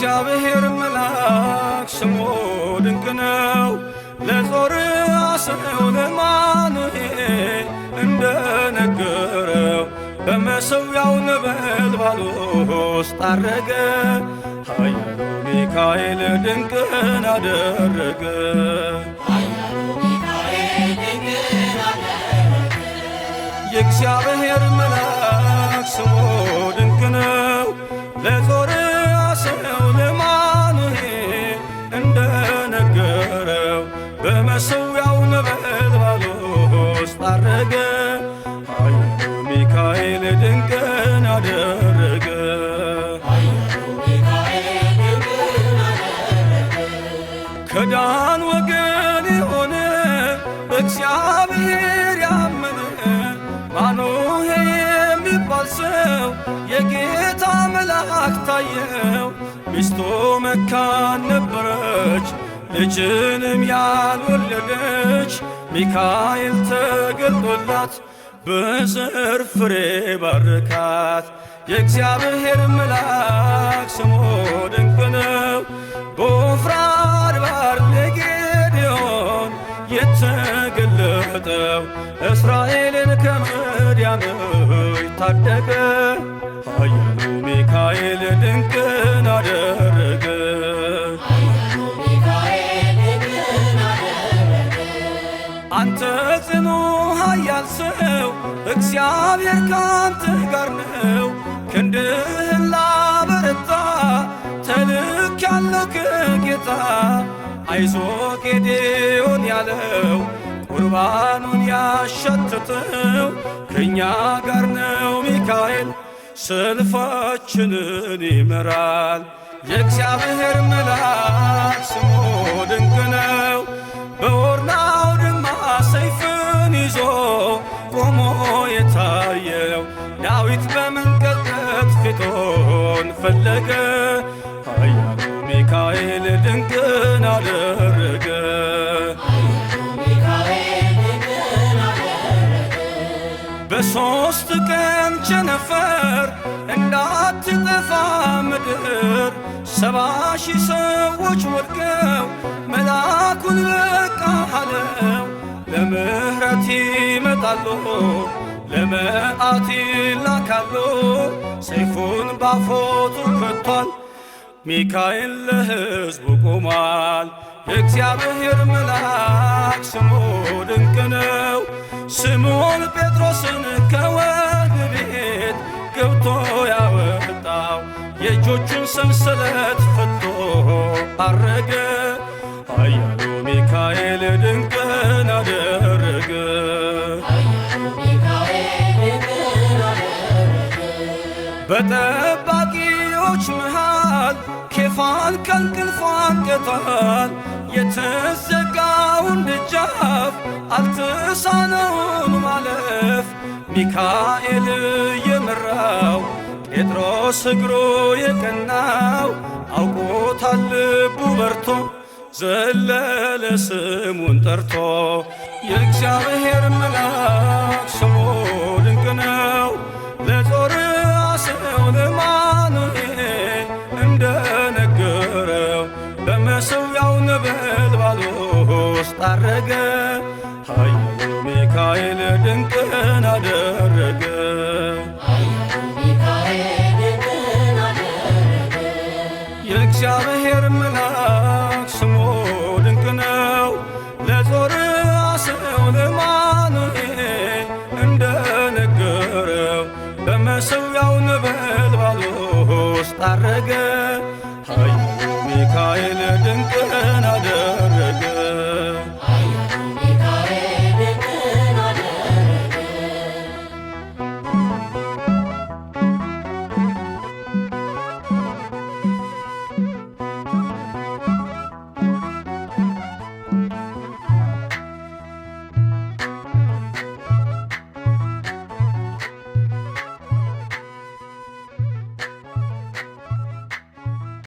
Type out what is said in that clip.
እግዚአብሔር መልአክ ስሙ ድንቅ ነው። ለጾር አስነው ለማኑኤል እንደነገረው በመሠዊያው ነበልባል ውስጥ አረገ። ኃያሉ ሚካኤል ድንቅን አደረገ። የእግዚአብሔር መልአክ ስሙ ድንቅ ነው። ሰው ያው ነበልባሎስ ታረገ ኃያሉ ሚካኤል ድንቅን አደረገ። ከዳን ወገን የሆነ በእግዚአብሔር ያመነ ማኖሄ የሚባል ሰው የጌታ መልአክ ታየው። ሚስቶ መካን ነበረች ልጅንም ያልወለደች ሚካኤል ተገልጦላት በጽር ፍሬ ባረካት። የእግዚአብሔር መልአክ ስሙ ድንቅ ነው። በወፍራን ባህር ለጌዴዎን የተገለጠው እስራኤልን ከምድያም ይታደገ ኃያሉ ሚካኤል ድንቅን አደ ጽኑ ኃያል ሰው እግዚአብሔር ካንተ ጋር ነው። ክንድህን ላበረታ ተልክ ያለክ ጌታ አይዞ ጌዴዎን ያለው ቁርባኑን ያሸትተው ከእኛ ጋር ነው ሚካኤል ሰልፋችንን ይመራል የእግዚአብሔር መልአክ ስሙ ዳዊት በመንቀጥቀጥ ፊቶን ፈለገ፣ ኃያሉ ሚካኤል ድንቅን አደረገ። በሦስት ቀን ቸነፈር እንዳትጠፋ ምድር ሰባ ሺህ ሰዎች ወድቀው መልአኩን በቃ አለው ለምሕረት ይመጣሉ ለመአቲላ ካሉ ሰይፉን ባፎቱ ከቷል። ሚካኤል ለሕዝቡ ቆሟል። የእግዚአብሔር መልአክ ስሙ ድንቅ ነው። ስምዖን ጴጥሮስን ከወህኒ ቤት ገብቶ ያወጣው የእጆቹን ሰንሰለት ፈቶ አረገ። አያሉ ሚካኤል ድንቅን አደረገ። በጠባቂዎች መሃል ኬፋን ከእንቅልፏ አንቅታል። የተዘጋውን ደጃፍ አልተሳነውም ማለፍ ሚካኤል የመራው ጴጥሮስ እግሩ የቀናው አውቆታል ልቡ በርቶ ዘለለ ስሙን ጠርቶ የእግዚአብሔር መላ ያው ነበልባል ውስጥ አረገ ኃያሉ ሚካኤል ድንቅን አደረገ የእግዚአብሔር መልአክ ስሙ ድንቅ ነው ለጾርዓ ሰው ለማኑኤል እንደነገረው በመሠዊያው ነበልባል ውስጥ አረገ ኃያሉ ሚካኤል